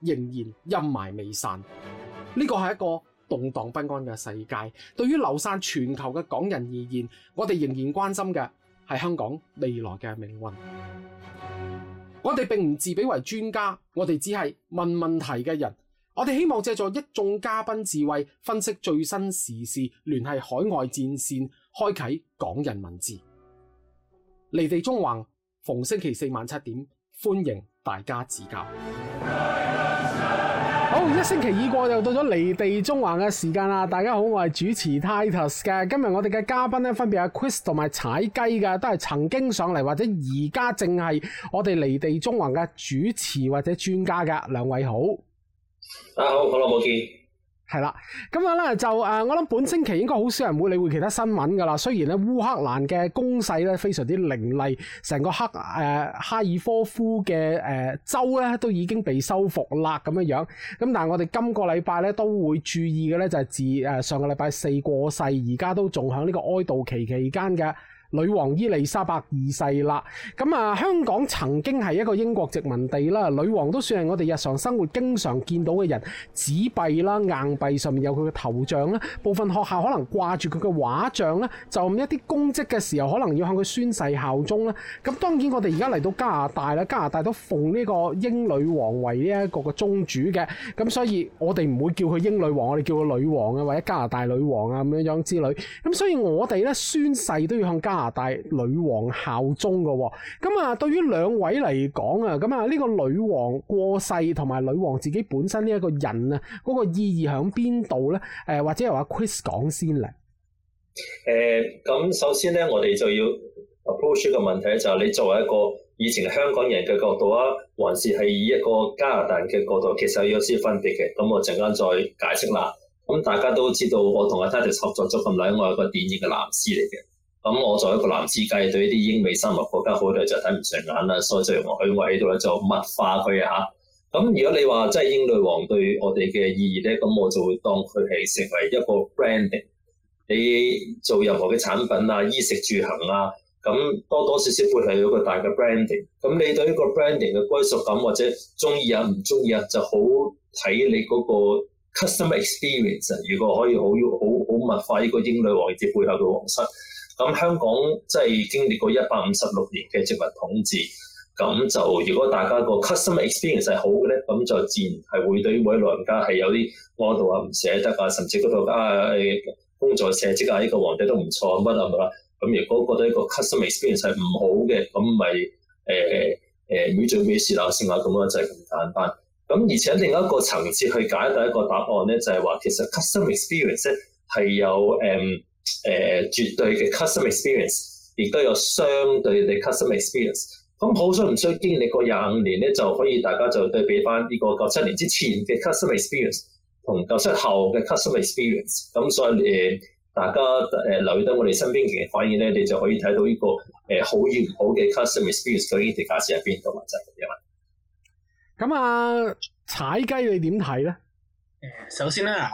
仍然陰霾未散，呢個係一個動盪不安嘅世界。對於流散全球嘅港人而言，我哋仍然關心嘅係香港未來嘅命運。我哋並唔自比為專家，我哋只係問問題嘅人。我哋希望借助一眾嘉賓智慧，分析最新時事，聯繫海外戰線，開啟港人文字。離地縱橫，逢星期四晚七點，歡迎大家指教。好，一星期已過又到咗離地縱橫嘅時間啦！大家好，我係主持 Titus 嘅，今日我哋嘅嘉賓咧分別係 Chris 同埋踩雞嘅，都係曾經上嚟或者而家正係我哋離地縱橫嘅主持或者專家噶。兩位好，大家好，啊，好耐冇見。係啦，咁樣咧就誒，我諗本星期應該好少人會理會其他新聞噶啦。雖然咧烏克蘭嘅攻勢咧非常之凌厲，成個黑誒哈爾科夫嘅誒州咧都已經被收復啦咁樣樣。咁但係我哋今個禮拜咧都會注意嘅咧就係自誒上個禮拜四過世，而家都仲響呢個哀悼期期間嘅。女王伊麗莎白二世啦，咁啊香港曾經係一個英國殖民地啦，女王都算係我哋日常生活經常見到嘅人，紙幣啦硬幣上面有佢嘅頭像啦，部分學校可能掛住佢嘅畫像啦，就一啲公職嘅時候可能要向佢宣誓效忠啦。咁當然我哋而家嚟到加拿大啦，加拿大都奉呢個英女王為呢一個嘅宗主嘅，咁所以我哋唔會叫佢英女王，我哋叫佢女王啊或者加拿大女王啊咁樣樣之類。咁所以我哋咧宣誓都要向加。加拿大女王效忠嘅。咁、哦嗯、啊，對於兩位嚟講啊，咁啊呢個女王過世同埋女王自己本身呢一個人啊，嗰、那個意義喺邊度咧？誒、呃，或者係阿 Chris 講先咧？誒、呃，咁首先咧，我哋就要 approach 嘅問題就係你作為一個以前嘅香港人嘅角度啊，還是係以一個加拿大人嘅角度，其實有少少分別嘅。咁我陣間再解釋啦。咁大家都知道我 at at，我同阿 Titus 合作咗咁耐，我係個典型嘅男士嚟嘅。咁我作為一個男資計，對一啲英美三國國家好耐就睇唔順眼啦，所以就由我喺度咧就物化佢啊！咁如果你話即係英女王對我哋嘅意義咧，咁我就會當佢係成為一個 branding。你做任何嘅產品啊、衣食住行啊，咁多多少少背後有一個大嘅 branding。咁你對呢個 branding 嘅歸屬感或者中意啊、唔中意啊，就好睇你嗰個 customer experience。如果可以好好好物化呢個英女王及背後嘅皇室。咁香港即係經歷過一百五十六年嘅殖民統治，咁就如果大家個 custom experience 係好嘅咧，咁就自然係會對於每一位老人家係有啲安度啊、唔捨得啊，甚至嗰、就、度、是、啊、哎、工作成績啊，呢、這個皇帝都唔錯乜啊，係嘛？咁如果覺得一個 custom experience 係唔好嘅，咁咪誒誒誒，要準備辭鬧先啊，咁、呃、樣就係咁簡單。咁、嗯、而且另一個層次去解第一個答案咧，就係、是、話其實 custom experience 係有誒。嗯誒、呃，絕對嘅 customer experience，亦都有相對嘅 customer experience。咁好想唔需要經歷過廿五年咧，就可以大家就對比返呢個九七年之前嘅 customer experience 同九七年後嘅 customer experience。咁所以誒、呃，大家誒留意到我哋身邊嘅反映咧，你就可以睇到呢、這個誒好、呃、與唔好嘅 customer experience 究竟嘅 indicator 係邊個物質。咁啊，踩雞你點睇咧？誒，首先咧，啊、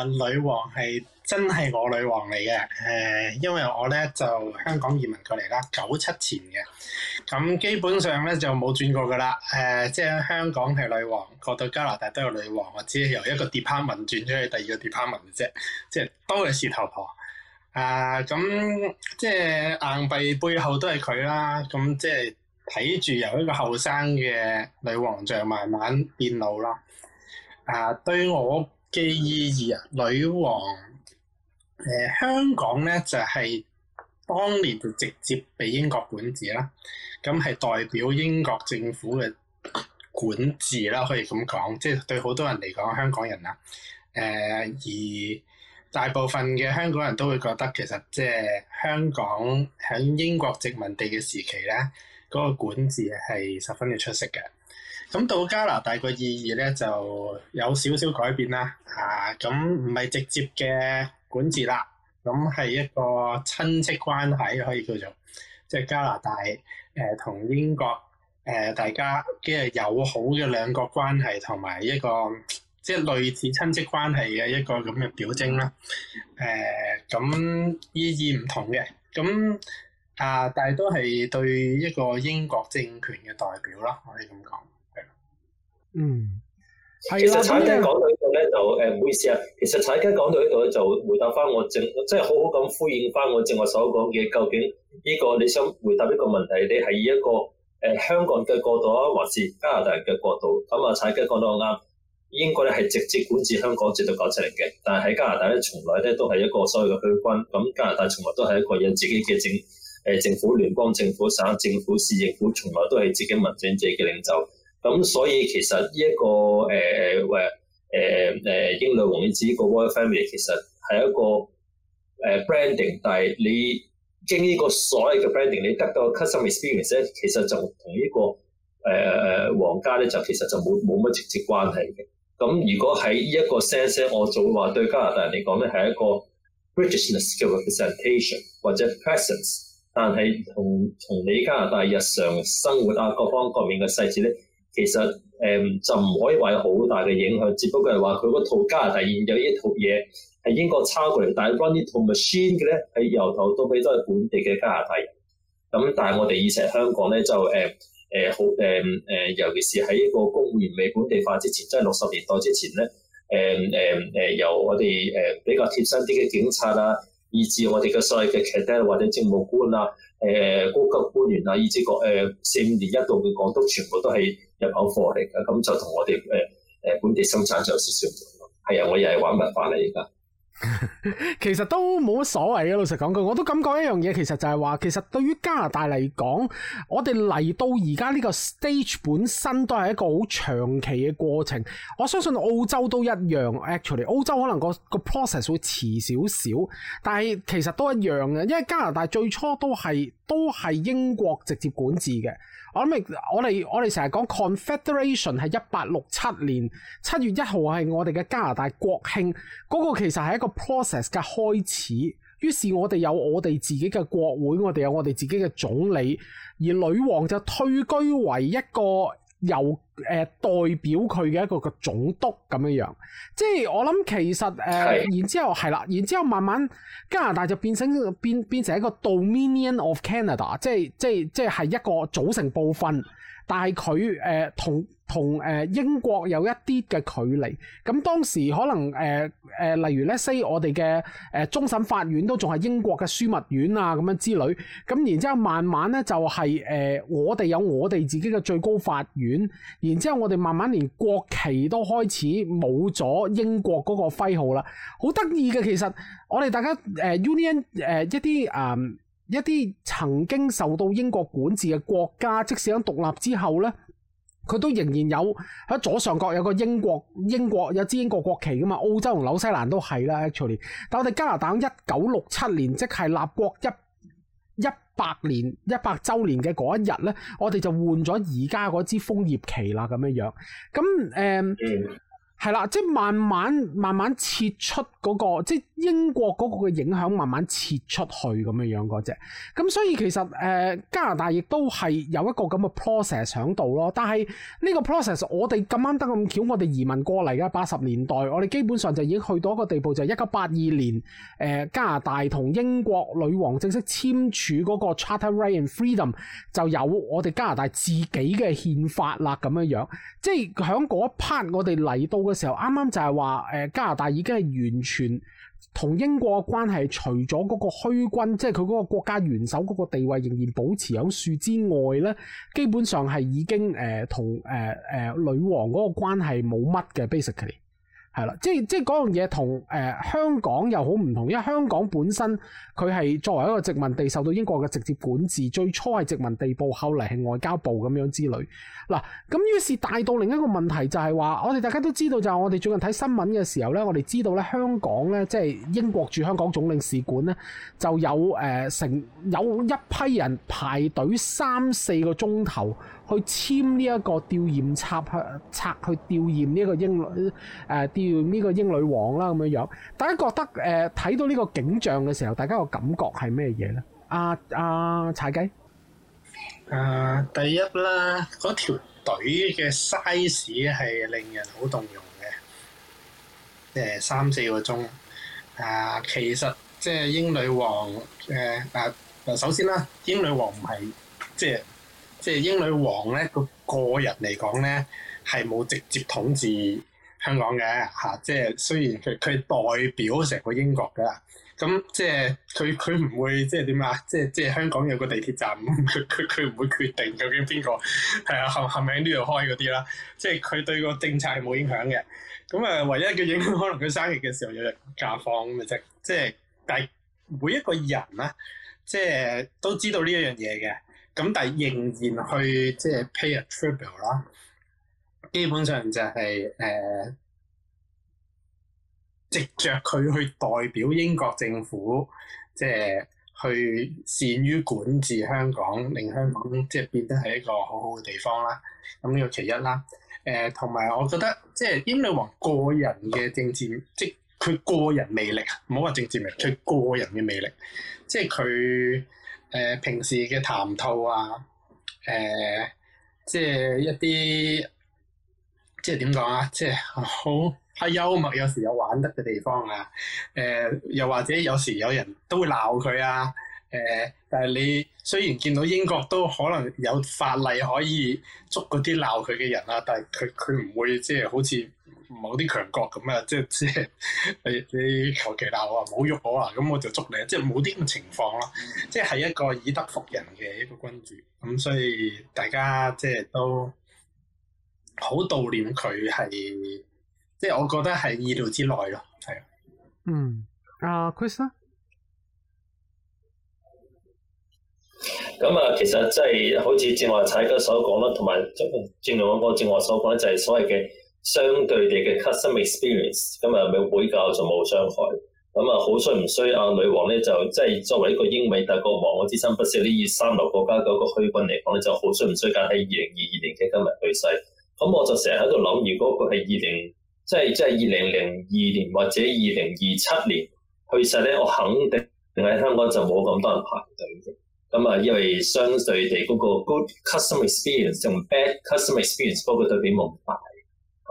呃、女王係。真係我女王嚟嘅，誒、呃，因為我咧就香港移民過嚟啦，九七前嘅咁基本上咧就冇轉過㗎喇。誒、呃，即係香港係女王過到加拿大都有女王，我只係由一個 department 轉咗去第二個 department 嘅啫。即係都係事頭婆啊。咁、呃、即係硬幣背後都係佢啦。咁即係睇住由一個後生嘅女王再慢慢變老咯。啊、呃，對我嘅意義啊，女王。誒、呃，香港咧就係、是、當年就直接被英國管治啦，咁係代表英國政府嘅管治啦，可以咁講，即係對好多人嚟講，香港人啊，誒、呃，而大部分嘅香港人都會覺得，其實即係香港喺英國殖民地嘅時期咧，嗰、那個管治係十分嘅出色嘅。咁到加拿大個意義咧就有少少改變啦，啊，咁唔係直接嘅。管治啦，咁係一個親戚關係可以叫做，即係加拿大誒、呃、同英國誒、呃、大家嘅友好嘅兩國關係同埋一個即係類似親戚關係嘅一個咁嘅表徵啦。誒、呃、咁意義唔同嘅，咁啊、呃、但係都係對一個英國政權嘅代表啦，可以咁講，係，嗯。其實踩雞講到呢度咧，就誒唔好意思啊。其實踩雞講到呢度咧，就回答翻我正，即係好好咁呼應翻我正我所講嘅究竟呢、這個你想回答呢個問題，你係以一個誒、呃、香港嘅角度啊，還是加拿大嘅角度？咁、嗯、啊，踩雞講到啱。英國咧係直接管治香港，直到九七零嘅。但係喺加拿大咧，從來咧都係一個所謂嘅虛君。咁加拿大從來都係一個有自己嘅政誒政府，聯邦政府、省政府、市政府，i c 從來都係自己民政者嘅領袖。咁、嗯、所以其實呢一個誒誒誒誒英女王嘅子個 Royal Family 其實係一個誒、呃、branding，但係你經呢個所有嘅 branding，你得到 custom、er、experience 咧，其實就同、呃、呢個誒誒皇家咧就其實就冇冇乜直接關係嘅。咁、嗯、如果喺呢一個 sense 咧，我就會話對加拿大人嚟講咧係一個 Britishness 嘅 representation 或者 presence，但係同同你加拿大日常生活啊各方各面嘅細節咧。其實誒、嗯、就唔可以話有好大嘅影響，只不過係話佢嗰套加拿大現有一套嘢係英國抄過嚟，但係 run 呢套 machine 嘅咧，係由頭到尾都係本地嘅加拿大人。咁、嗯、但係我哋以前香港咧就誒誒好誒誒，尤其是喺一個公務員未本地化之前，即係六十年代之前咧，誒誒誒由我哋誒比較貼身啲嘅警察啊，以至我哋嘅所謂嘅記者或者政務官啊，誒、嗯、高級官員啊，以至個誒、嗯、四五年一度嘅港督全部都係。入口貨嚟噶，咁就同我哋誒誒本地生產就少少唔同咯。係啊，我又係玩文化嚟噶。其實都冇乜所謂啊！老實講句，我都感覺一樣嘢，其實就係話，其實對於加拿大嚟講，我哋嚟到而家呢個 stage 本身都係一個好長期嘅過程。我相信澳洲都一樣，actually，澳洲可能個個 process 會遲少少，但係其實都一樣嘅，因為加拿大最初都係都係英國直接管治嘅。我諗，我哋我哋成日講 Confederation 係一八六七年七月一號係我哋嘅加拿大國慶，嗰個其實係一個 process 嘅開始。於是，我哋有我哋自己嘅國會，我哋有我哋自己嘅總理，而女王就退居為一個。由誒、呃、代表佢嘅一個個總督咁樣樣，即係我諗其實誒、呃是的，然之後係啦，然之後慢慢加拿大就變成變變成一個 Dominion of Canada，即係即係即係一個組成部分，但係佢誒同。同誒英國有一啲嘅距離，咁當時可能誒誒、呃呃，例如咧，say 我哋嘅誒終審法院都仲係英國嘅樞密院啊，咁樣之類，咁然之後慢慢咧就係、是、誒、呃、我哋有我哋自己嘅最高法院，然之後我哋慢慢連國旗都開始冇咗英國嗰個徽號啦，好得意嘅其實，我哋大家誒、呃、Union 誒、呃、一啲啊、呃、一啲曾經受到英國管治嘅國家，即使喺獨立之後咧。佢都仍然有喺左上角有個英國，英國有支英國國旗噶嘛，澳洲同紐西蘭都係啦，actually 但我哋加拿大一九六七年即係立國一一百年一百周年嘅嗰一日咧，我哋就換咗而家嗰支楓葉旗啦咁樣樣，咁誒，係、呃嗯、啦，即係慢慢慢慢撤出。嗰、那個即係英國個嘅影響慢慢切出去咁樣樣只，咁所以其實誒、呃、加拿大亦都係有一個咁嘅 process 喺度咯。但係呢個 process 我哋咁啱得咁巧，我哋移民過嚟嘅八十年代，我哋基本上就已經去到一個地步，就係一九八二年誒、呃、加拿大同英國女王正式簽署個 Charter Right and Freedom，就有我哋加拿大自己嘅憲法啦咁樣樣，即係響嗰一 part 我哋嚟到嘅時候，啱啱就係話誒加拿大已經係完全同英國嘅關係，除咗嗰個虛君，即係佢嗰個國家元首嗰個地位仍然保持有數之外咧，基本上係已經誒同誒誒女王嗰個關係冇乜嘅 basically。係啦，即係即係嗰樣嘢同誒香港又好唔同，因為香港本身佢係作為一個殖民地受到英國嘅直接管治，最初係殖民地部，後嚟係外交部咁樣之類。嗱、啊，咁於是帶到另一個問題就係話，我哋大家都知道就係我哋最近睇新聞嘅時候呢，我哋知道呢，香港呢，即係英國駐香港總領事館呢，就有誒、呃、成有一批人排隊三四個鐘頭。去簽呢一個吊唁冊去冊去吊唁呢個英誒吊呢個英女王啦咁樣樣，大家覺得誒睇、呃、到呢個景象嘅時候，大家個感覺係咩嘢咧？啊，啊，踩雞，誒、呃、第一啦，嗰條隊嘅 size 係令人好動容嘅。誒三四個鐘啊、呃，其實即係英女王誒啊、呃呃，首先啦，英女王唔係即係。即係英女王咧，個個人嚟講咧係冇直接統治香港嘅嚇、啊。即係雖然佢佢代表成個英國噶啦，咁即係佢佢唔會即係點啊？即係即係香港有個地鐵站，佢佢佢唔會決定究竟邊個係啊？喺喺呢度開嗰啲啦？即係佢對個政策係冇影響嘅。咁啊，唯一嘅影響可能佢生日嘅時候有人假放咪？即啫。即係但係每一個人咧、啊，即係都知道呢一樣嘢嘅。咁但係仍然去即係 pay a tribute 啦，基本上就係、是、誒、呃、藉著佢去代表英國政府，即、就、係、是、去善於管治香港，令香港即係、就是、變得係一個好好嘅地方啦。咁呢個其一啦。誒同埋我覺得即係英女王個人嘅政治，即係佢個人魅力啊，唔好話政治魅力，佢個人嘅魅力，即係佢。誒、呃、平時嘅談吐啊，誒、呃、即係一啲即係點講啊，即係好係幽默，有時有玩得嘅地方啊，誒、呃、又或者有時有人都會鬧佢啊，誒、呃、但係你雖然見到英國都可能有法例可以捉嗰啲鬧佢嘅人啦、啊，但係佢佢唔會即係好似。冇啲強國咁啊！即係即係你你求其鬧我啊，冇喐我啊，咁我就捉你！即係冇啲咁情況咯，即係係一個以德服人嘅一個君主。咁、嗯、所以大家即係都好悼念佢，係即係我覺得係意料之內咯。係。嗯，啊、uh, Chris 咧。咁啊、呃，其實即、就、係、是、好似正話踩雞哥所講啦，同埋正正如我個正話所講就係所謂嘅。相對地嘅 customer experience，咁啊，冇比較就冇傷害。咁、嗯、啊，好衰唔衰啊？女王咧就即係作為一個英美德國，但個王之身不肖啲二三流國家嗰個虛君嚟講咧，就好衰唔衰緊喺二零二二年嘅今日去世。咁、嗯、我就成日喺度諗，如果佢係二零即係即係二零零二年或者二零二七年去世咧，我肯定喺香港就冇咁多人排隊嘅。咁、嗯、啊，因為相對地嗰、嗰個 good customer experience 同 bad customer experience 嗰個對比冇大。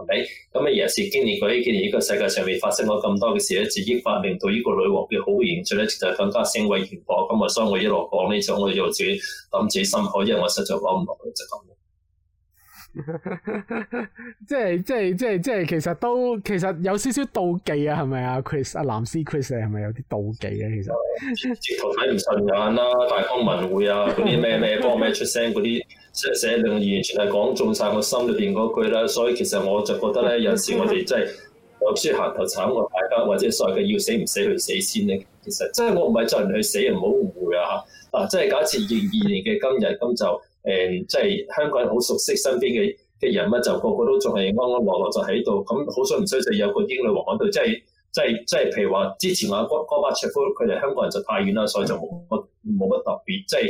咁啊！人、okay. 是今，經歷過，呢幾年呢個世界上面發生咗咁多嘅事咧，自己發令到呢個女王嘅好形象咧，就更加聲威顯赫。咁啊，所以我一路講呢種，我要自己諗自己心口，因為我實在講唔落去就咁。 即係即係即係即係，其實都其實有少少妒忌啊，係咪啊？Chris 藍絲 Chris 係咪有啲妒忌咧、啊？其實 直頭睇唔順眼啦、啊，大公文匯啊，嗰啲咩咩幫咩出聲嗰啲，寫寫兩句完全係講中晒我心裏邊嗰句啦。所以其實我就覺得咧，有時我哋真係我唔出行頭慘過大家，或者所謂嘅要死唔死去死先咧。其實即係、就是、我唔係就係去死，唔好誤會啊吓。嗱、啊，即、就、係、是、假設二二年嘅今日咁就。誒、嗯，即係香港人好熟悉身邊嘅嘅人物，就個個，個都仲係安安樂樂就喺度，咁好衰唔衰就有個英女皇喺度，即係即係即係，譬如話之前阿戈戈爾巴喬夫，佢哋香港人就太遠啦，所以就冇乜冇乜特別。即係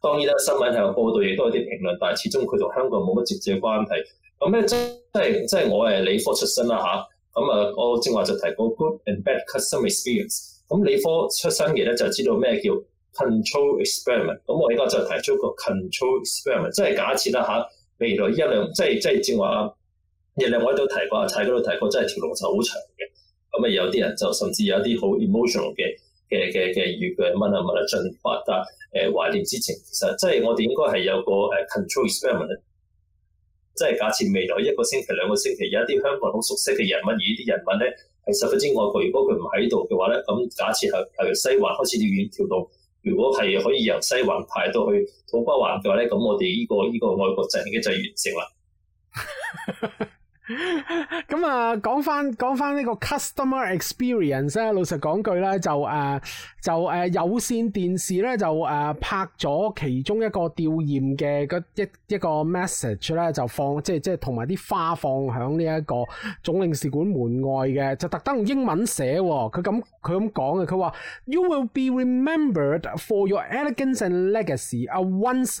當然啦，新聞係有報導，亦都有啲評論，但係始終佢同香港冇乜直接關係。咁咧，即係即係我係理科出身啦吓，咁啊、啊，我正話就提過 good and bad customer experience。咁理科出身嘅咧，就知道咩叫，control experiment，咁我而家就提出個 control experiment，即係假設啦吓，未來一兩，即係即係正話，亦亮，我喺度提過，阿太度提過，真係條路就好長嘅。咁啊，有啲人就甚至有一啲好 emotional 嘅嘅嘅嘅語句問啊問啊進發得誒懷念之情。其實即係我哋應該係有個誒 control experiment，即係假設未來一個星期兩個星期，有一啲香港好熟悉嘅人物，而呢啲人物咧係十分之愛佢，如果佢唔喺度嘅話咧，咁假設係係西環開始跳遠跳到。如果係可以由西環排到去土瓜灣嘅話咧，咁我哋呢個呢個愛國陣已經就完成啦。 咁啊，講翻講翻呢個 customer experience 咧，老實講句咧，就誒，就誒有線電視咧，就誒拍咗其中一個吊唁嘅個一一個 message 咧，就放即係即係同埋啲花放響呢一個總領事館門外嘅，就特登用英文寫，佢咁佢咁講嘅，佢話 You will be remembered for your elegance and legacy.a，once。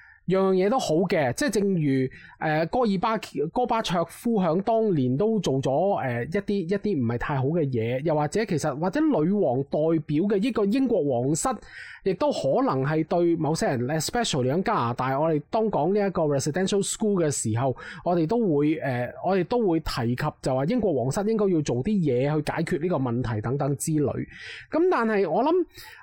樣樣嘢都好嘅，即係正如誒、呃、戈爾巴戈巴卓夫響當年都做咗誒、呃、一啲一啲唔係太好嘅嘢，又或者其實或者女王代表嘅一個英國皇室，亦都可能係對某些人 especially 喺加拿大，我哋當講呢一個 residential school 嘅時候，我哋都會誒、呃，我哋都會提及就話英國皇室應該要做啲嘢去解決呢個問題等等之類。咁但係我諗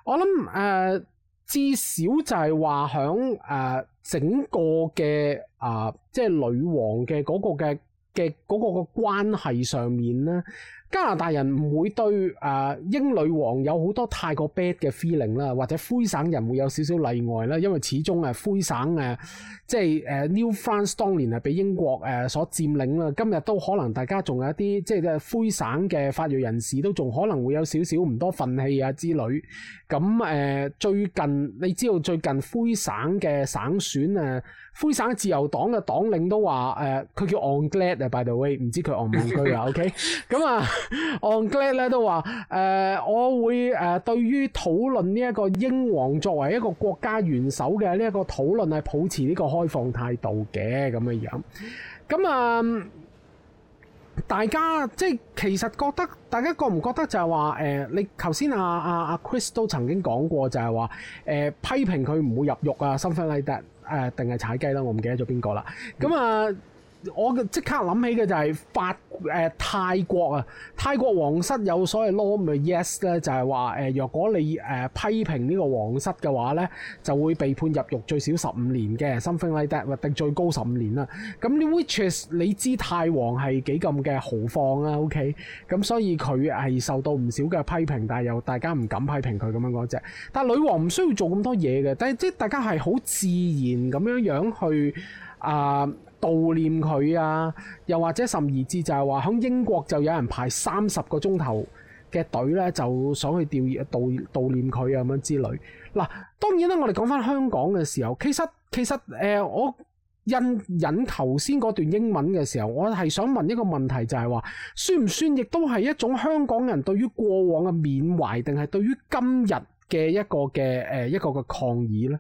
我諗誒。呃至少就係話響誒整個嘅啊、呃，即係女王嘅嗰個嘅嘅嗰個嘅關係上面咧。加拿大人唔會對誒、啊、英女王有好多太過 bad 嘅 feeling 啦，或者魁省人會有少少例外啦，因為始終魁啊魁省誒即係誒、啊、New France 當年係被英國誒、啊、所佔領啦，今日都可能大家仲有一啲即係魁省嘅法裔人士都仲可能會有少少唔多忿氣啊之類，咁、啊、誒、啊、最近你知道最近魁省嘅省選誒？啊灰省自由黨嘅黨領都話：，誒，佢叫 Anglad, by the way，唔知佢昂唔安居 OK 咁啊 Anglad 咧都話：，誒，我會誒對於討論呢一個英皇作為一個國家元首嘅呢一個討論係保持呢個開放態度嘅咁嘅樣。咁啊，大家即係其實覺得，大家覺唔覺得就係話，誒，你頭先啊啊啊 Chris 都曾經講過就係話，誒，批評佢唔會入獄啊 som 誒定係踩雞啦，我唔記得咗邊個啦，咁、嗯、啊～我即刻諗起嘅就係法誒泰國啊，泰國皇室有所謂 law 嘅 yes 咧，就係話誒，若果你誒、呃、批評個呢個皇室嘅話咧，就會被判入獄最少十五年嘅，something like that，或定最高十五年啦。咁你 witches，你知泰皇係幾咁嘅豪放啊？OK，咁所以佢係受到唔少嘅批評，但係又大家唔敢批評佢咁樣講啫，但係女王唔需要做咁多嘢嘅，但係即係大家係好自然咁樣樣去啊，呃悼念佢啊！又或者甚至就係話響英國就有人排三十個鐘頭嘅隊呢，就想去吊悼悼悼念佢啊咁樣之類。嗱，當然啦，我哋講翻香港嘅時候，其實其實誒、呃，我引引頭先嗰段英文嘅時候，我係想問一個問題，就係話，算唔算亦都係一種香港人對於過往嘅緬懷，定係對於今日嘅一個嘅誒一個嘅抗議呢？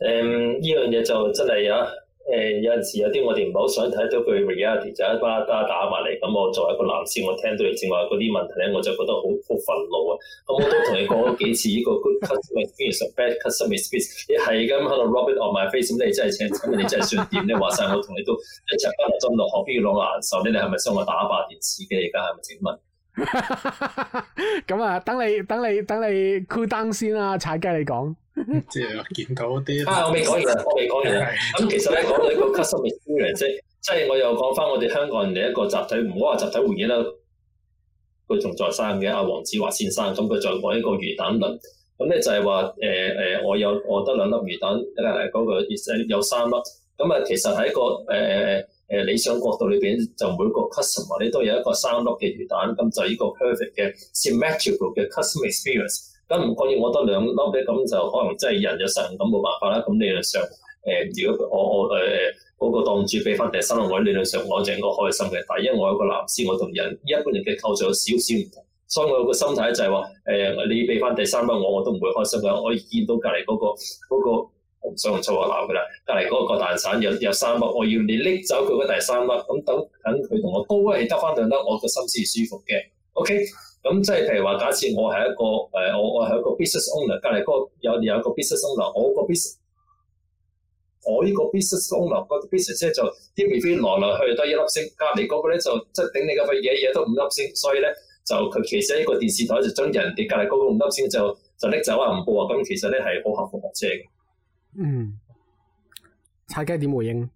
誒、嗯，呢樣嘢就真係啊！誒、呃、有陣時有啲我哋唔係好想睇到佢 reality 就一巴打打埋嚟，咁我作為一個男士，我聽到你正話嗰啲問題咧，我就覺得好好憤怒啊！咁我都同你講咗幾次呢個 good customer experience bad customer experience，你係咁喺度 rub it on my face，咁你真係請，咁你真係算點你話晒我同你都，你都一齊翻落針落，何必咁難受咧？你係咪想我打爆電視機而家係咪整問？咁 啊，等你等你等你 Cool Down 先啦，踩雞你講，即係見到啲啊，我未講完，我未講完。咁 其實咧講到呢個核心嘅超人色，即係我又講翻我哋香港人嘅一個集體，唔好話集體回憶啦，佢仲在生嘅阿黃子華先生，咁佢再講一個魚蛋論，咁咧就係話誒誒，我有我得兩粒魚蛋，嗱嗱嗰個有三粒，咁啊其實係一個誒。呃誒理想角度裏邊，就每個 customer 你都有一個三粒嘅魚蛋，咁就呢個 perfect 嘅 symmetrical 嘅 customer experience。咁唔過意我得兩粒嘅，咁就可能真係人有神，咁冇辦法啦。咁理論上，誒、呃、如果我我誒嗰、呃那個檔主俾翻第三粒我，理論上我就應該開心嘅。但因為我係個男士，我同人一般人嘅構造有少少唔同，所以我個心態就係話，誒、呃、你俾翻第三粒我，我都唔會開心嘅。我可以見到隔離嗰個嗰個，那個唔想用粗口鬧噶啦。隔離嗰個蛋散有有三粒，我要你拎走佢嗰第三粒。咁等等佢同我高一氣得翻兩粒，我個心先舒服嘅。OK，咁即係譬如話，假設我係一個誒，我我係一個 business owner，隔離嗰個有有一個 business owner，我個 business，我呢個 business owner 個 business 即係就啲微飛來來去得一粒星，隔離嗰個咧就即係頂你個肺嘢嘢都五粒星，所以咧就佢其實呢個電視台就將人哋隔離嗰五粒星就就拎走啊，唔報啊，咁其實咧係好合乎邏輯嘅。嗯，踩雞點回應？誒、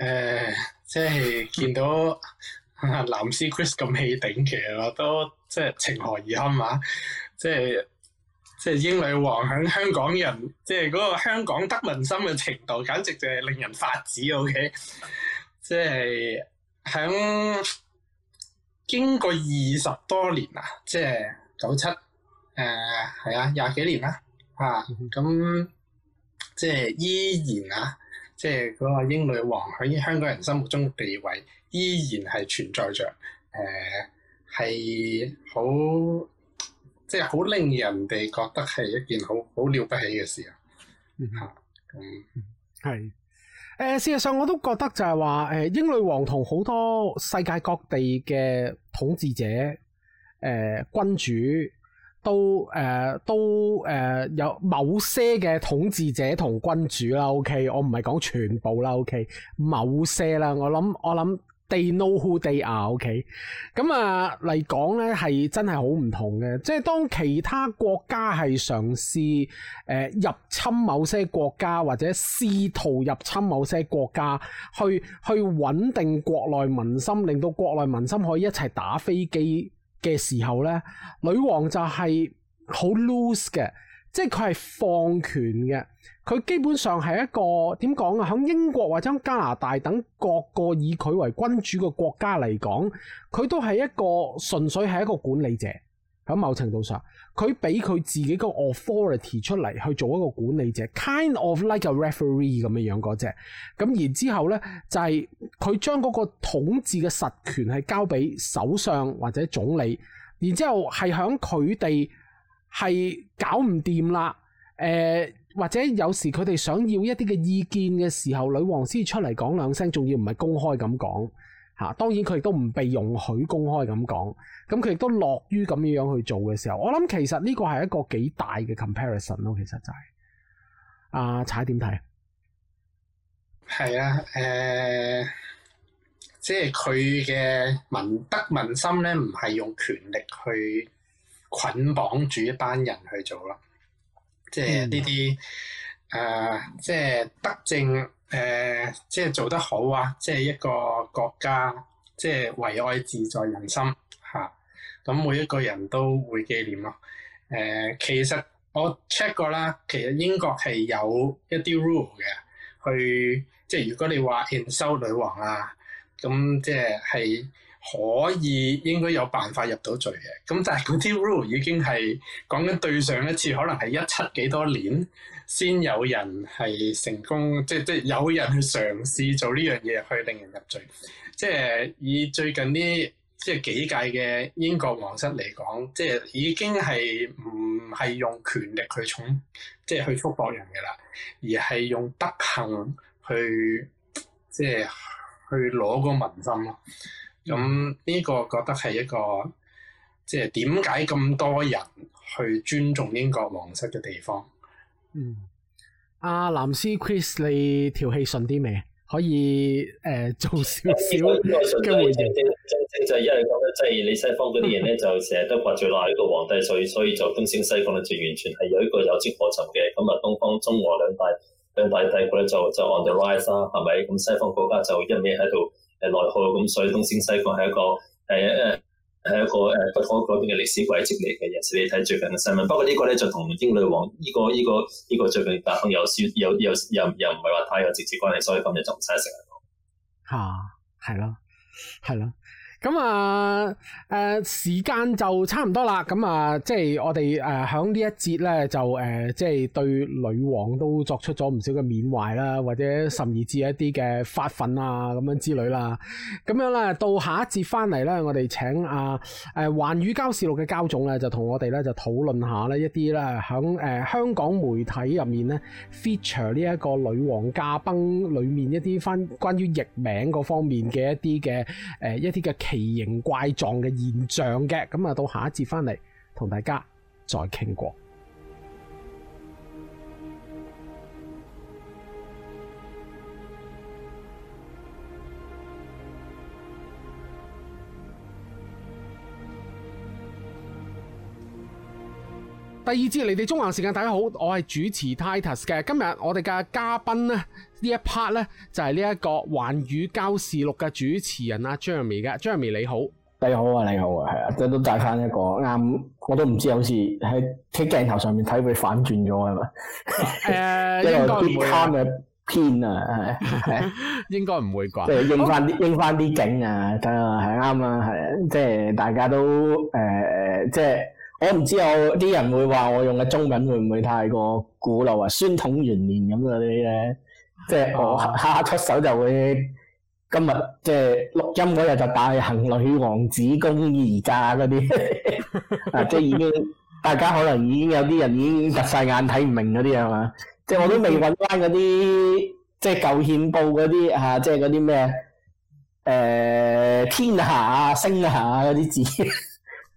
呃，即係見到、 啊、藍絲 Chris 咁氣頂嘅其實，我都即係情何以堪啊！即係即係英女王響香港人，即係嗰個香港得民心嘅程度，簡直就係令人髮指。OK，即係響經過二十多年啦、啊，即係九七誒，係啊，廿幾年啦、啊，啊咁。即係依然啊！即係嗰個英女王喺香港人心目中嘅地位依然係存在着，誒係好即係好令人哋覺得係一件好好了不起嘅事啊！嚇，嗯，係誒、嗯呃，事實上我都覺得就係話誒，英女王同好多世界各地嘅統治者誒、呃、君主。都誒、呃、都誒、呃、有某些嘅統治者同君主啦，OK，我唔係講全部啦，OK，某些啦，我諗我諗 they know who they are 啊，OK，咁啊嚟講呢係真係好唔同嘅。即係當其他國家係嘗試誒入侵某些國家或者試圖入侵某些國家，去去穩定國內民心，令到國內民心可以一齊打飛機嘅時候咧，女王就係好 loose 嘅，即係佢係放權嘅，佢基本上係一個點講啊？響英國或者加拿大等各個以佢為君主嘅國家嚟講，佢都係一個純粹係一個管理者。喺某程度上，佢俾佢自己個 authority 出嚟去做一個管理者，kind of like a referee 咁樣樣嗰隻。咁然之後咧，就係佢將嗰個統治嘅實權係交俾首相或者總理。然之後係響佢哋係搞唔掂啦。誒、呃、或者有時佢哋想要一啲嘅意見嘅時候，女王先出嚟講兩聲，仲要唔係公開咁講。吓，當然佢亦都唔被容許公開咁講，咁佢亦都樂於咁樣樣去做嘅時候，我諗其實呢個係一個幾大嘅 comparison 咯，其實就係、是，阿踩點睇？係啊，誒、啊呃，即係佢嘅民德民心咧，唔係用權力去捆綁住一班人去做咯，即係呢啲誒，即係德政。誒、呃，即係做得好啊！即係一個國家，即係為愛自在人心嚇。咁、啊、每一個人都會紀念咯、啊。誒、呃，其實我 check 過啦，其實英國係有一啲 rule 嘅，去即係如果你話綴收女王啊，咁即係係可以應該有辦法入到罪嘅。咁但係嗰啲 rule 已經係講緊對上一次，可能係一七幾多年。先有人係成功，即即有人去嘗試做呢樣嘢，去令人入罪。即係以最近呢即係幾屆嘅英國皇室嚟講，即係已經係唔係用權力去重即係去束縛人嘅啦，而係用德行去即係去攞個民心咯。咁呢個覺得係一個即係點解咁多人去尊重英國皇室嘅地方。嗯，阿藍絲 Chris，你條氣順啲未？可以誒、呃、做少少嘅回就正、是、就正、是、就係即係你西方嗰啲人咧就成日都掛住落呢個皇帝，所以所以就東升西降咧就完全係有一個有迹可尋嘅。咁啊東方中俄兩大兩大帝國咧就就 on the rise 啦，係咪？咁西方國家就一味喺度誒內耗，咁所以東升西降係一個誒。 係一個誒不可改變嘅歷史軌跡嚟嘅，有時你睇最近嘅新聞。不過呢個咧就同英女皇，呢、這個依、這個依、這個最近發生有少有有有又唔係話太有直接關係，所以今日就唔使成日講。嚇、啊，係咯，係咯。咁啊，誒、嗯，時間就差唔多啦。咁、嗯、啊，即係我哋誒，響、呃、呢一節咧，就誒、呃，即係對女王都作出咗唔少嘅緬懷啦，或者甚至一啲嘅發憤啊，咁樣之類啦。咁樣咧，到下一節翻嚟咧，我哋請阿誒寰雨膠事錄嘅膠總咧，就同我哋咧就討論下咧一啲咧，響、呃、誒香港媒體入面咧 feature 呢一 Fe 個女王駕崩裏面一啲翻關於譯名嗰方面嘅一啲嘅誒一啲嘅。奇形怪狀嘅現象嘅，咁啊，到下一節返嚟同大家再傾過。第二節你哋中環時間，大家好，我係主持 Titus 嘅。今日我哋嘅嘉賓咧，一呢一 part 咧就係呢一個寰雨膠事錄嘅主持人阿 Jeromy 嘅。Jeromy 你好，你好啊，你好啊，係啊，即都帶翻一個啱，我都唔知，好似喺喺鏡頭上面睇會反轉咗係咪？誒、呃，應該唔會偏啊， 應該唔會啩，即係影翻啲影翻啲景啊，睇係啱啊，係、啊，即係、啊啊啊啊、大家都誒、呃，即係、啊。我唔知有啲人會話我用嘅中文會唔會太過古老啊，宣統元年咁嗰啲咧，即係我下下出手就會今日即係錄音嗰日就大行女王子公而家嗰啲，啊 即係已經大家可能已經有啲人已經突晒眼睇唔明嗰啲係嘛，即係我都未揾翻嗰啲即係舊憲報嗰啲吓，即係嗰啲咩誒天下啊、星下嗰啲字。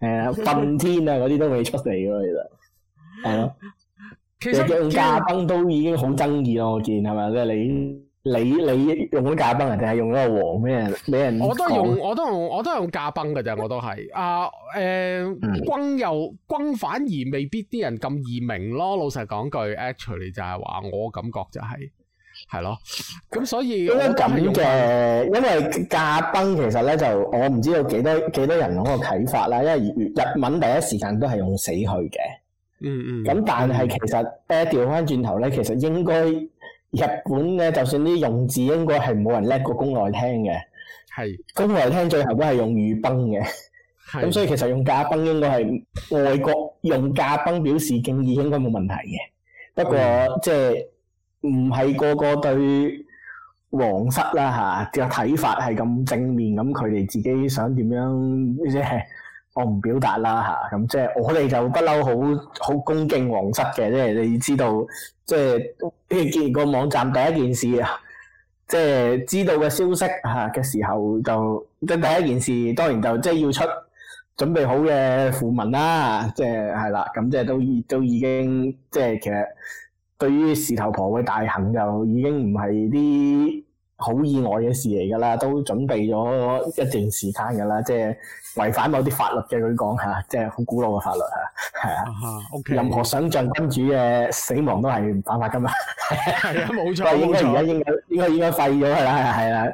係、呃、瞓天啊，嗰啲都未出嚟噶，嗯、其實係咯。其實用架崩都已經好爭議咯，我見係咪？即係、嗯、你你你用架崩啊，定係用嗰個王咩、啊？你人我都用，我都用，我都用架崩噶咋？我都係啊。誒、呃、軍、嗯、又軍反而未必啲人咁易明咯。老實講句，actually 就係話，我感覺就係、是。係咯，咁所以咁嘅， 嗯嗯、因為駕崩其實咧就我唔知道幾多幾多人嗰個睇法啦，因為日文第一時間都係用死去嘅，嗯嗯，咁但係其實誒調翻轉頭咧，其實應該日本咧就算啲用字應該係冇人叻過宮內廳嘅，係是，宮內廳最後都係用御崩嘅，咁是 所以其實用駕崩應該係外國用駕崩表示敬意應該冇問題嘅，嗯、不過即係。唔係個個對皇室啦吓嘅睇法係咁正面，咁佢哋自己想點樣，即係我唔表達啦吓，咁即係我哋就不嬲好好恭敬皇室嘅，即係你知道，即係見個網站第一件事啊，即係知道嘅消息吓嘅時候就即係第一件事，當然就即係要出準備好嘅訃文啦，即係係啦，咁即係都已都已經即係其實。對於事頭婆嘅大行就已經唔係啲。好意外嘅事嚟噶啦，都準備咗一段時間噶啦，即係違反某啲法律嘅，佢講嚇，即係好古老嘅法律嚇，係啊，uh huh. okay. 任何想像君主嘅死亡都係唔犯法噶嘛，係 啊，冇錯， 但應該而家應該應該應該廢咗啦，係啦，係啦，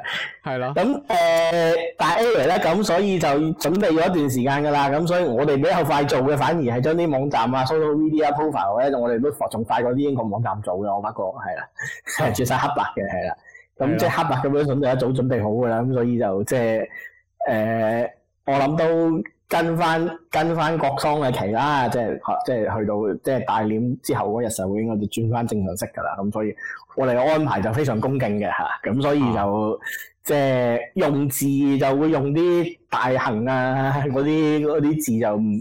係咯的。咁誒、呃，但係 Ava 咧，咁所以就準備咗一段時間噶啦，咁所以我哋比較快做嘅，反而係將啲網站ーー D, 啊、social media profile 咧，我哋都仲快過啲英國網站做嘅，我發覺係啦，全部黑白嘅係啦。 咁、嗯、即係黑白咁樣準備一早準備好嘅啦，咁所以就即係誒，我諗都跟翻跟翻國喪嘅期啦，即係即係去到即係大殮之後嗰日就會，應該就轉翻正常式嘅啦。咁、嗯、所以我哋嘅安排就非常恭敬嘅嚇，咁、啊、所以就、嗯、即係用字就會用啲大行啊嗰啲嗰啲字就唔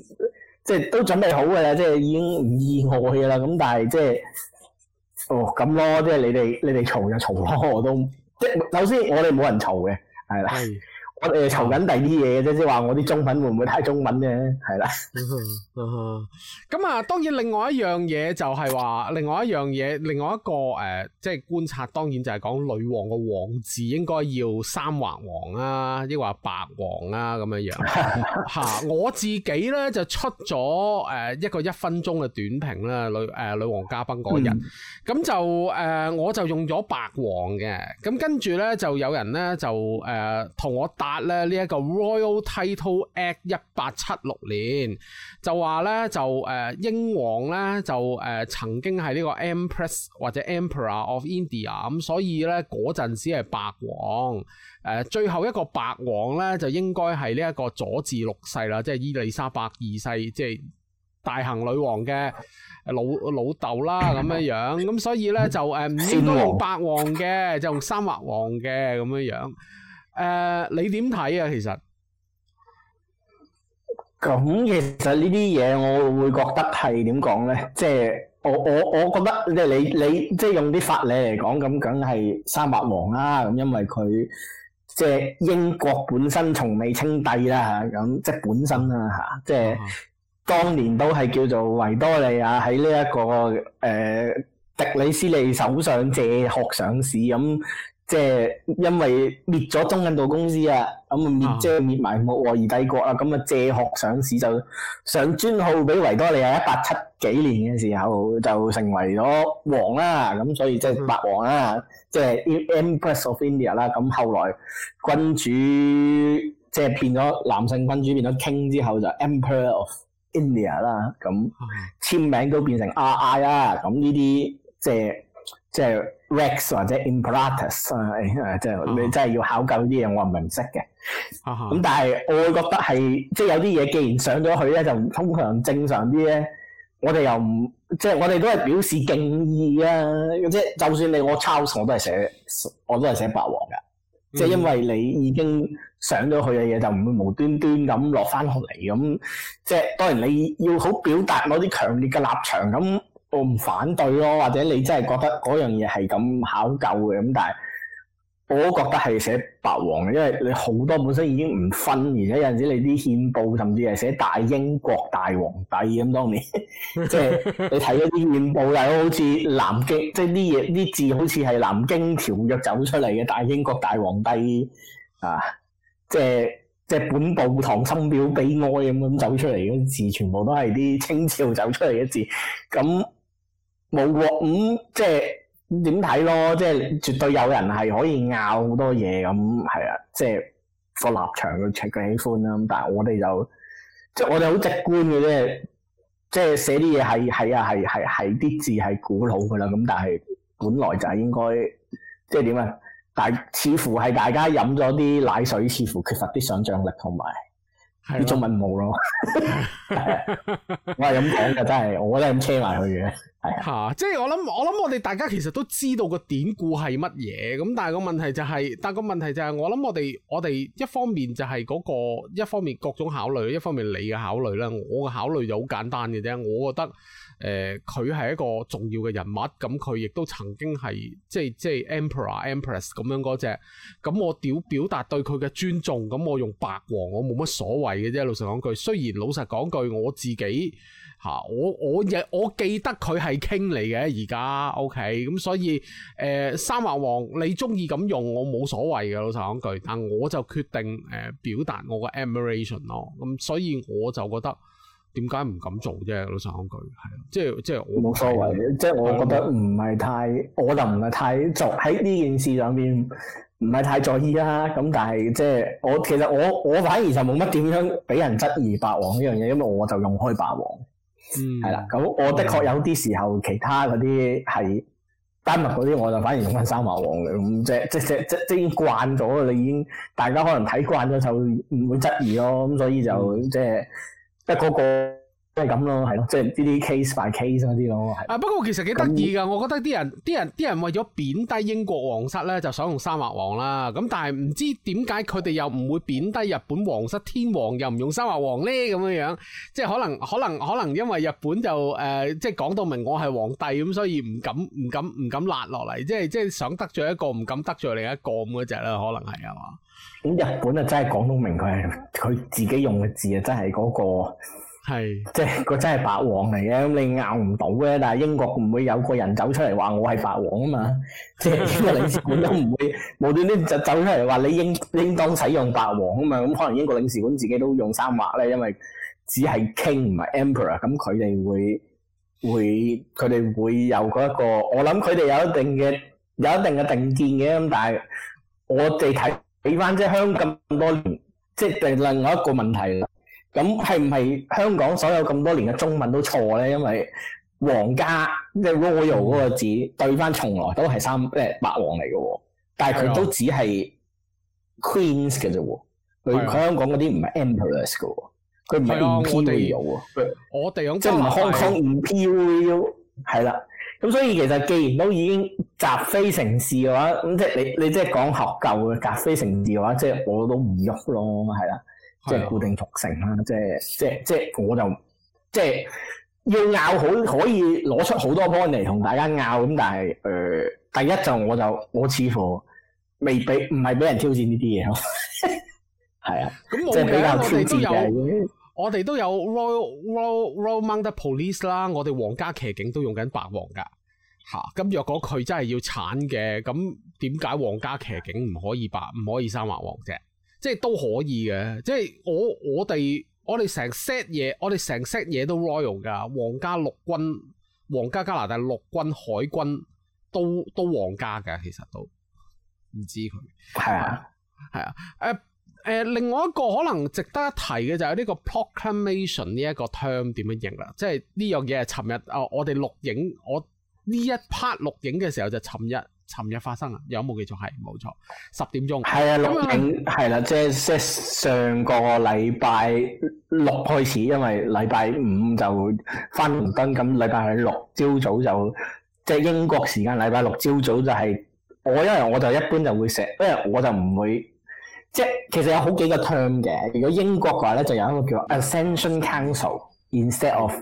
即係都準備好嘅啦，即係已經唔意外嘅啦。咁但係即係。哦，咁咯，即係你哋你哋嘈就嘈咯，我都即係首先，嗯、我哋冇人嘈嘅，係啦。係。我哋係籌緊第二啲嘢嘅啫，即係話我啲中文會唔會太中文嘅？係啦，咁啊，當然另外一樣嘢就係話，另外一樣嘢，另外一個誒，即係觀察，當然就係講女王個王字應該要三劃王啊，抑或白王啊咁樣樣吓。我自己咧，就出咗誒一個一分鐘嘅短評啦，女誒女王嘉賓嗰日，咁就誒我就用咗白王嘅，咁跟住咧，就有人咧就誒同我打。八咧呢一個 Royal Title Act 一八七六年就話咧就誒、呃、英王咧就誒、呃、曾經係呢個 Empress 或者 Emperor of India 咁，所以咧嗰陣時係白王誒、呃、最後一個白王咧就應該係呢一個佐治六世啦，即係伊莉莎白二世即係大行女王嘅老老豆啦咁樣樣咁，所以咧就誒唔應該用白王嘅就用三劃王嘅咁樣樣。誒，uh, 你點睇啊？其實咁，其實呢啲嘢，我會覺得係點講咧？即、就、係、是、我我我覺得，即係你你即係用啲法理嚟講，咁梗係三八王啦、啊。咁因為佢即係英國本身從未稱帝啦嚇，咁即係本身啦、啊、嚇，即、就、係、是、當年都係叫做維多利亞喺呢一個誒、呃、迪里斯利手上借殼上市咁。即係因為滅咗東印度公司啊，咁啊滅即係、uh huh. 滅埋莫卧兒帝國啦，咁啊借殼上市就上尊號俾維多利亞，一八七幾年嘅時候就成為咗王啦，咁所以即係白王啦，即係、uh huh. Empress of India 啦，咁後來君主即係、就是、變咗男性君主變咗 king 之後就 Emperor of India 啦，咁簽名都變成 R I 啦，咁呢啲即係即係。就是 rex 或者 imperatus 即係、啊、你真係要考究啲嘢，我唔係唔識嘅。咁、啊、但係我會覺得係即係有啲嘢，既然上咗去咧，就通常正常啲咧。我哋又唔即係我哋都係表示敬意啊！即、就、係、是、就算你我抄，我都係寫，我都係寫白話嘅。即係因為你已經上咗去嘅嘢，就唔會無端端咁落翻落嚟咁。即係當然你要好表達，某啲強烈嘅立場咁。我唔反對咯，或者你真係覺得嗰樣嘢係咁考究嘅。咁但係我都覺得係寫白皇嘅，因為你好多本身已經唔分，而且有陣時你啲憲報甚至係寫大英國大皇帝咁當年， 即係你睇一啲憲報例，就好似南京，即係啲嘢呢字好似係南京條約走出嚟嘅，大英國大皇帝啊，即係即係本部堂心表悲哀咁，咁走出嚟嗰啲字，全部都係啲清朝走出嚟嘅字，咁。冇喎，咁、嗯、即係點睇咯？即係絕對有人係可以拗好多嘢咁，係、嗯、啊，即係個立場佢取佢喜歡啦。咁但係我哋就即係我哋好直觀嘅啫，即係寫啲嘢係係啊係係係啲字係古老噶啦。咁但係本來就係應該即係點啊？但係似乎係大家飲咗啲奶水，似乎缺乏啲想象力同埋啲中文冇咯。我係咁講嘅，真係我覺得係咁車埋去嘅。吓、啊，即係我諗，我諗，我哋大家其實都知道個典故係乜嘢，咁但係個問題就係、是，但個問題就係、是，我諗我哋，我哋一方面就係嗰、那個，一方面各種考慮，一方面你嘅考慮咧，我嘅考慮就好簡單嘅啫。我覺得，誒、呃，佢係一個重要嘅人物，咁佢亦都曾經係，即係即係 emperor empress 咁樣嗰隻，咁我屌，表達對佢嘅尊重，咁我用白王，我冇乜所謂嘅啫。老實講句，雖然老實講句，我自己。我我亦我記得佢係 King 嚟嘅，而家 OK，咁，所以誒、呃、三華王你中意咁用，我冇所謂嘅，老實講句。但我就決定誒表達我個 admiration 咯。咁所以我就覺得點解唔敢做啫？老實講句，係即即冇所謂。即我覺得唔係太，我就唔係太在喺呢件事上面唔係太在意啦。咁但係即我其實我我反而就冇乜點樣俾人質疑霸王呢樣嘢，因為我就用開霸王。嗯，係啦，咁我的確有啲時候，其他嗰啲係丹麥嗰啲，我就反而用翻三華王嘅，咁即即即即即，即，即已經慣咗啦，已經大家可能睇慣咗就唔會質疑咯，咁所以就、嗯、即一個個。即係咁咯，係咯，即係呢啲 case by case 嗰啲咯。啊，不過其實幾得意噶，那我覺得啲人，啲人，啲人為咗貶低英國皇室咧，就想用三劃王啦。咁但係唔知點解佢哋又唔會貶低日本皇室天皇，又唔用三劃王咧？咁樣樣，即係可能，可能，可能因為日本就誒、呃，即係講到明我係皇帝咁，所以唔敢，唔敢，唔敢辣落嚟，即係，即係想得罪一個，唔敢得罪另一個咁嗰隻啦，可能係啊嘛。咁、嗯、日本啊，真係講到明，佢係佢自己用嘅字啊，真係嗰、那個。係， 即係個真係白王嚟嘅，咁你拗唔到嘅。但係英國唔會有個人走出嚟話我係白王啊嘛，即係英國領事館都唔會，無端端就走出嚟話你應應當使用白王啊嘛。咁可能英國領事館自己都用三畫咧，因為只係 king 唔係 emperor，咁佢哋會會佢哋會有嗰、那、一個，我諗佢哋有一定嘅有一定嘅定見嘅。咁但係我哋睇睇翻即係香咁多年，即係另外一個問題咁係唔係香港所有咁多年嘅中文都錯咧？因為皇家即係 royal 嗰個字對翻，從來都係三誒八王嚟嘅，但係佢都只係 queen 嘅啫喎。佢香港嗰啲唔係 empress 嘅喎，佢唔係用 pu 嘅喎。我哋即係唔係空空用 pu 嘅喎。係啦，咁所以其實既然都已經積非成是嘅話，咁即係你你即係講學舊嘅積非成是嘅話，即係我都唔喐咯，係啦。即係固定俗成啦，即係即係即係、呃，我就即係要拗好可以攞出好多 point 嚟同大家拗咁，但係誒，第一就我就我似乎未俾唔係俾人挑戰呢啲嘢咯，係 啊是，嗯、即係比較挑戰嘅。我哋都有 Royal、嗯、Royal Royal Mounted Police 啦，我哋皇家騎警都用緊白王噶嚇。咁、啊嗯、若果佢真係要鏟嘅，咁點解皇家騎警唔可以白唔可以生環王啫？即係都可以嘅，即係我我哋我哋成 set 嘢，我哋成 set 嘢都 Royal 噶，皇家陸軍、皇家加拿大陸軍、海軍都都皇家嘅，其實都唔知佢係啊，啊，係啊，誒、呃、誒，另外一個可能值得一提嘅就係呢個 Proclamation 呢一個 term 點樣認啦，即係呢樣嘢係尋日啊、呃，我哋錄影我呢一 part 錄影嘅時候就尋日。尋日發生啊，有冇記錯？係冇錯，十點鐘。係 啊，六點，係啦，即係上個禮拜六開始，因為禮拜五就翻倫敦，咁禮拜六朝早就即係英國時間禮拜六朝早就係、是、我因為我就一般就會寫，因為我就唔會，就會即係其實有好幾個 term 嘅，如果英國嘅話咧，就有一個叫 Ascension Council instead of。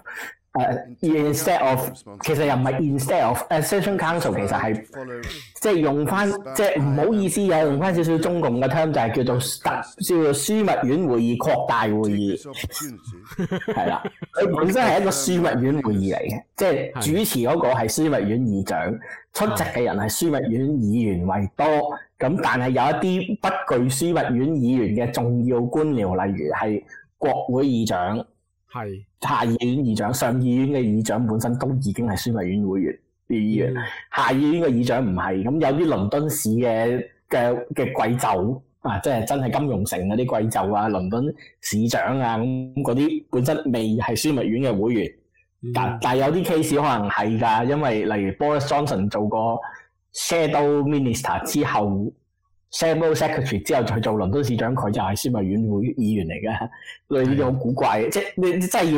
誒、uh，instead of 其實又唔係 instead of 誒、uh，Accession Council 其實係即係用翻，即係唔好意思、啊，有用翻少少中共嘅 term、嗯、就係叫做特叫做樞密院會議擴大會議，係啦、嗯，佢、 啊、本身係一個樞密院會議嚟嘅，即、就、係、是、主持嗰個係樞密院議長， 出席嘅人係樞密院議員為多，咁但係有一啲不具樞密院議員嘅重要官僚，例如係國會議長，係。下議院議長、上議院嘅議長本身都已經係樞密院會員嘅議員，嗯、下議院嘅議長唔係。咁有啲倫敦市嘅嘅嘅貴就啊，即係真係金融城嗰啲貴就啊，倫敦市長啊咁嗰啲本身未係樞密院嘅會員，嗯、但但有啲 case 可能係㗎，因為例如 Boris Johnson 做過 Shadow Minister 之後。Samuel Secretary 之後去做倫敦市長，佢就係樞密院會議員嚟嘅，所以呢啲好古怪嘅。的即係你真係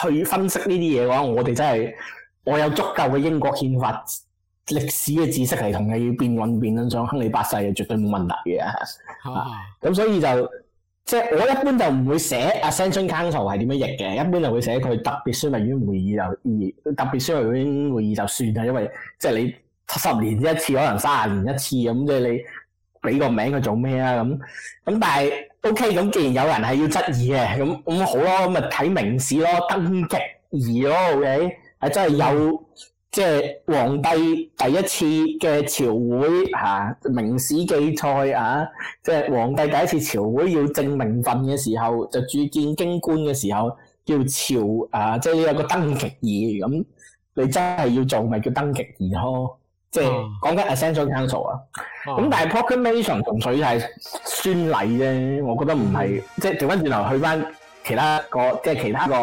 要去分析呢啲嘢嘅話，我哋真係我有足夠嘅英國憲法歷史嘅知識嚟同你辯論，辯論上亨利八世絕對冇問題嘅。咁的 所以就即係我一般就唔會寫 Accession Council 係點樣譯嘅，一般就會寫佢特別樞密院會議，就而特別樞密院會議就算啦，因為即係你十年一次，可能卅年一次咁，即係你。俾個名佢做咩啦？咁咁但係 O K，咁既然有人係要質疑嘅，咁咁好咯，咁咪睇明史咯，登極儀咯，O K，係真係有即係、就是、皇帝第一次嘅朝會嚇、啊，明史記載啊，即、就、係、是、皇帝第一次朝會要正名分嘅時候，就鑄建京官嘅時候，叫朝啊，即係有個登極儀咁、嗯，你真係要做咪叫、就是、登極儀咯？即係講緊 essential、mm hmm. council 啊、mm，咁、hmm. 但係 proclamation、ok、同佢係宣禮啫，我覺得唔係。即係調翻轉頭去翻其他個，即係其他個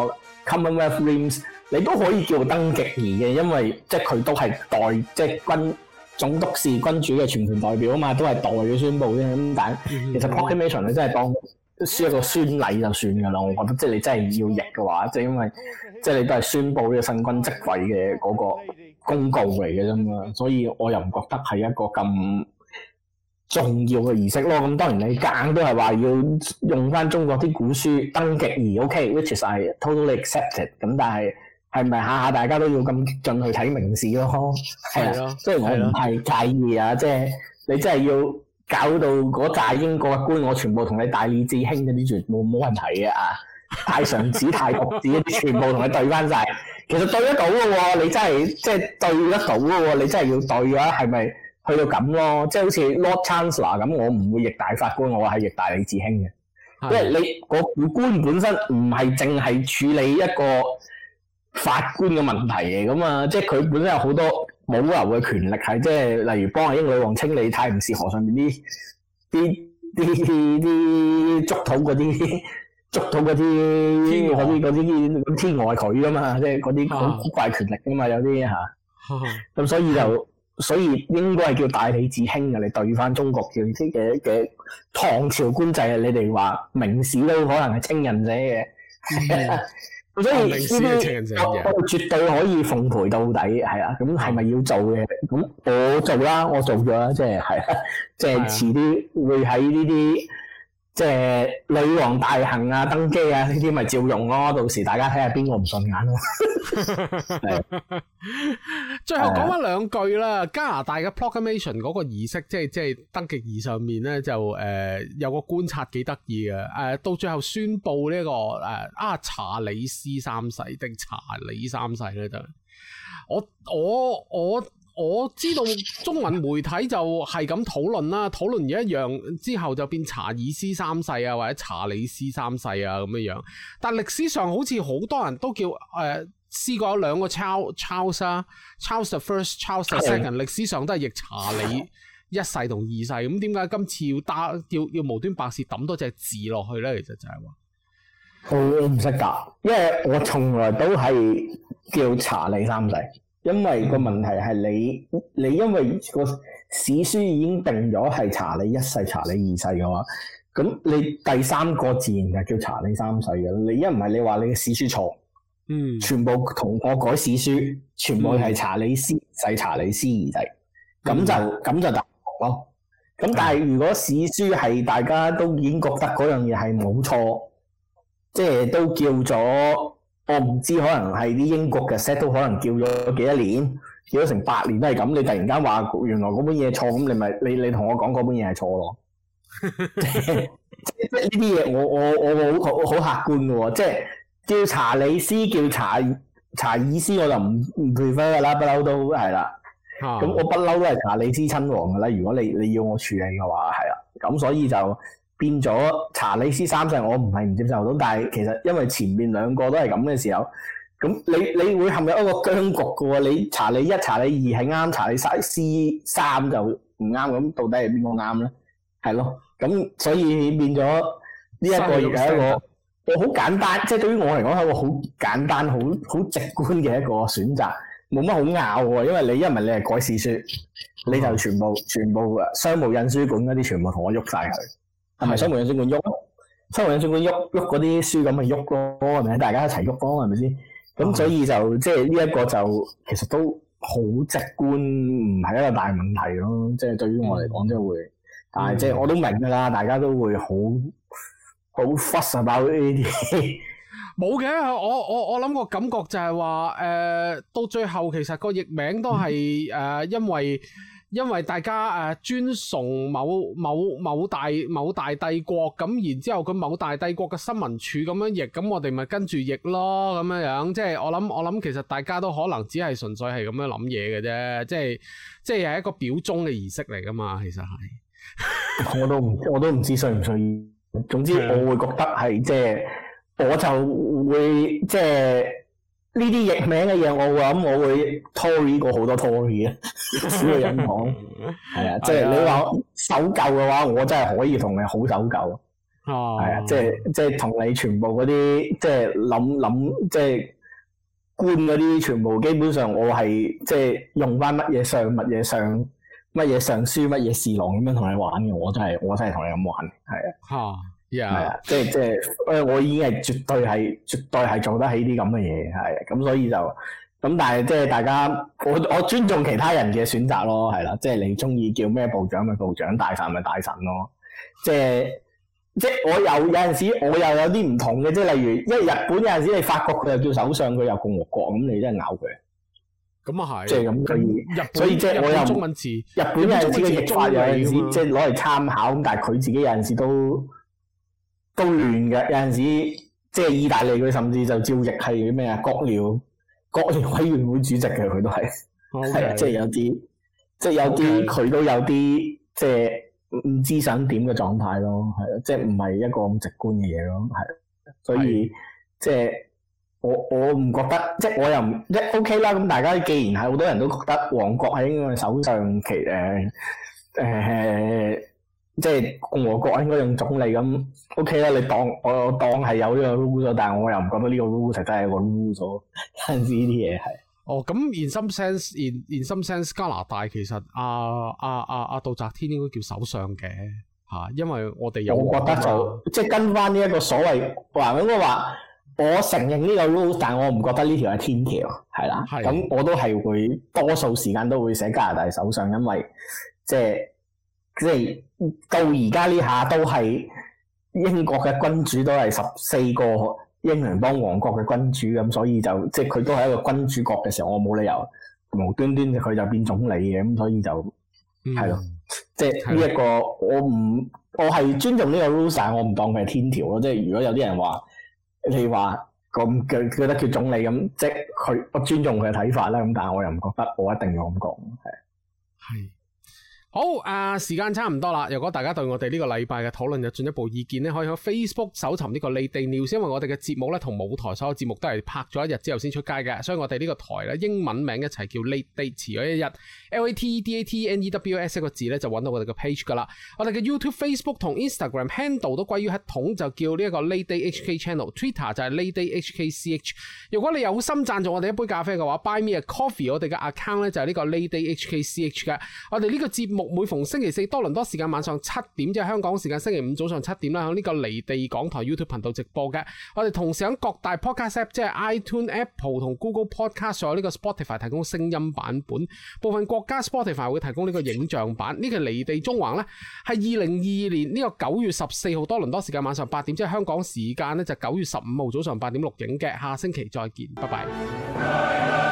Commonwealth realms 你都可以叫登極儀嘅，因為即係佢都係代即係君總督係君主嘅全權代表啊嘛，都係代咗宣佈啫。咁但其實 proclamation、ok、你真係當。輸一個宣禮就算噶啦，我覺得即係你真係要譯嘅話，即係因為即係你都係宣佈呢個新君即位嘅嗰個公告嚟嘅啫嘛，所以我又唔覺得係一個咁重要嘅儀式咯。咁當然你硬都係話要用翻中國啲古書登極而 OK, which is totally accepted。咁但係係咪下下大家都要咁進去睇名紙咯？係咯，即係我唔係介意啊，即係的你真係要。搞到嗰大英國嘅官，我全部同你大理寺卿嗰啲全部冇冇問題嘅啊！ 大上子、大國子全部同你對翻晒，其實對得到嘅喎，你真係即係對得到嘅喎，你真係要對嘅話，係咪去到咁咯？即係好似 Lord Chancellor 咁，我唔會譯大法官，我係譯大理寺卿嘅，的因為你嗰、那個官本身唔係淨係處理一個法官嘅問題嚟咁啊，即係佢本身有好多。冇聊嘅權力係，即、就、係、是、例如幫阿英女王清理泰晤士河上面啲啲啲啲啲竹土嗰啲竹土啲啲啲天鵝佢噶嘛，即係嗰啲好古怪權力噶嘛，有啲嚇。咁、嗯、所以就是所以應該係叫大理寺卿啊，你對翻中國嘅啲嘅嘅唐朝官制啊，你哋話明史都可能係清人寫嘅。嗯 所以呢啲我我絕對可以奉陪到底，係啊，咁係咪要做嘅？咁我做啦，我做咗啦，即係係啊，即係遲啲會喺呢啲。即係女王大行啊，登基啊，呢啲咪照用咯啊。到時大家睇下邊個唔順眼咯。最後講翻兩句啦。加拿大嘅 proclamation 嗰個儀式即，即係即係登基儀上面咧，就誒、呃、有個觀察幾得意嘅。誒、呃，到最後宣布呢、這個誒啊、呃、查理斯三世定查理三世咧，就我我我。我我我知道中文媒體就係咁討論啦，討論完一樣之後就變查爾斯三世啊，或者查理斯三世啊咁樣樣。但歷史上好似好多人都叫誒試、呃、過有兩個 Charles，Charles the first，Charles the second 的。歷史上都係譯查理一世同二世。咁點解今次要打要要無端白事抌多隻字落去呢？其實就係、是、話，我唔識答，因為我從來都係叫查理三世。因為個問題係你，嗯、你因為個史書已經定咗係查理一世，查理二世嘅話，咁你第三個自然就叫查理三世嘅。你一唔係你話你嘅史書錯，嗯，全部同我改史書，全部係查理士，細、嗯、查理士，二世，咁就咁、嗯、就大咯。咁但係如果史書係大家都已經覺得嗰樣嘢係冇錯，即、就、係、是、都叫咗。我唔知，可能係啲英國嘅 set 都可能叫咗幾多年，叫咗成八年都係咁。你突然間話原來嗰本嘢錯，咁你咪你你同我講嗰本嘢係錯咯。即係呢啲嘢，我我我好好，好客觀嘅喎、哦。即係叫查理斯，叫查查爾斯，我就唔唔 prefer 噶啦。不嬲都係啦。咁 我不嬲都係查理斯親王噶啦。如果你你要我處理嘅話，係啦。咁所以就。變咗查理斯三世，我唔係唔接受到，但係其實因為前面兩個都係咁嘅時候，咁你你會陷入一個僵局嘅喎。你查理一、查理二係啱，查理三斯三就唔啱，咁到底係邊個啱咧？係咯，咁所以變咗呢一個亦係一個我好簡單，即係對於我嚟講係一個好簡單、好好直觀嘅一個選擇，冇乜好拗喎。因為你一唔係你係改史書，你就全部全部商務印書館嗰啲全部同我喐晒佢。係咪《三毛印》水管喐，《三毛印》水管喐喐嗰啲書咁咪喐咯，係咪大家一齊喐咯，係咪先？咁、嗯、所以就即係呢一個就其實都好直觀，唔係一個大問題咯。即、就、係、是、對於我嚟講，即係會，嗯、但係即係我都明噶啦，大家都會好好 fuss about 呢啲嘢。冇嘅， 我我我諗個感覺就係話，誒、呃，到最後其實個譯名都係誒，呃嗯、因為。因為大家誒尊崇某某某大某大帝國，咁然之後佢某大帝國嘅新聞處咁樣譯，咁我哋咪跟住譯咯，咁樣樣，即係我諗我諗，其實大家都可能只係純粹係咁樣諗嘢嘅啫，即係即係係一個表忠嘅儀式嚟噶嘛，其實係 我都唔我都唔知需唔需要，總之我會覺得係即係，我就會即係。呢啲譯名嘅嘢，我會諗，我會 Tory 過好多 Tory 啊！咁樣講，係啊，即係你話守舊嘅話，我真係可以同你好守舊。哦，係啊，即係即係同你全部嗰啲，即係諗諗，即係官嗰啲全部，基本上我係即係用翻乜嘢上乜嘢上乜嘢上書乜嘢侍郎咁樣同你玩嘅，我真係我真係同你咁玩，係啊。好。係啊 Yeah.，即係即係，誒、呃，我已經係絕對係絕對係做得起啲咁嘅嘢，係，咁、嗯、所以就，咁但係即係大家，我我尊重其他人嘅選擇咯，係啦，即係你中意叫咩部長咪、就是、部長，大臣咪、就是、大臣咯，即係即係我，我有有陣時我又有啲唔同嘅，即係例如，因為日本有陣時你發覺佢又叫首相，佢又共和國咁，你真係咬佢。咁啊係，嗯嗯、即係咁，所以本所以即係我又，日本，中文字日本有陣時嘅譯法有，有陣時即係攞嚟參考，咁但係佢自己有陣時都。都亂嘅，有陣時即係意大利佢甚至就照譯係咩啊，國聯國聯委員會主席嘅，佢都係，係 Okay. 即係有啲即係有啲佢 Okay. 都有啲即係唔知想點嘅狀態咯，係啊，即係唔係一個咁直觀嘅嘢咯，係，所以是即係我我唔覺得，即係我又唔一。OK 啦。咁大家既然係好多人都覺得王國係應該首相其誒誒。呃呃即係共和國應該用總理咁，O K 啦。你當我當係有呢個 rule，但係我又唔覺得呢個 rule 真係個 rule。有陣時啲嘢係。哦，咁 in some sense，in some sense 加拿大其實阿阿阿阿杜澤天應該叫首相嘅吓、啊，因為我哋有。我覺得就、啊、即係跟翻呢一個所謂話咁，應該話我承認呢個 rule，但我唔覺得呢條係天條，係啦。係是的。咁我都係會多數時間都會寫加拿大首相，因為即係。.即係到而家呢下都係英國嘅君主，都係十四個英聯邦王國嘅君主，咁所以就即係佢都係一個君主國嘅時候，我冇理由無端端佢就變總理嘅，咁所以就係咯。即係呢一個我唔我係尊重呢個 rules，我唔當佢係天條咯。即係如果有啲人話你話咁佢覺得叫總理咁，即係佢我尊重佢嘅睇法咧。咁但係我又唔覺得我一定要咁講，係。係。好啊，呃，時間差唔多啦。如果大家對我哋呢個禮拜嘅討論有進一步意見呢，可以喺 Facebook 搜尋呢個 Late Date News，因為我哋嘅節目呢同舞台所有節目都係拍咗一日之後先出街嘅，所以我哋呢個台呢，英文名一齊叫 Late Date，遲咗一日，L A T E D A T E N E W S 一個字呢就揾到我哋嘅 page 噶啦。我哋嘅 YouTube、Facebook 同 Instagram handle 都歸於一統，就叫呢一個 Late Date HK Channel。Twitter 就係 Late Date HKCH。如果你有心贊助我哋一杯咖啡嘅話，Buy Me a Coffee 我哋嘅 account 呢就係呢個 Late Date HKCH 嘅。我哋呢個，個節目。每逢星期四多倫多時間晚上七點，即係香港時間星期五早上七點啦，喺呢個離地港台 YouTube 頻道直播嘅。我哋同時喺各大 Podcast app，即係 iTune、Apple 同 Google Podcast，所有呢個 Spotify 提供聲音版本。部分國家 Spotify 會提供呢個影像版。呢個離地縱橫呢，係二零二二年呢個九月十四號多倫多時間晚上八點，即係香港時間呢，就九月十五號早上八點錄影嘅。下星期再見，拜拜。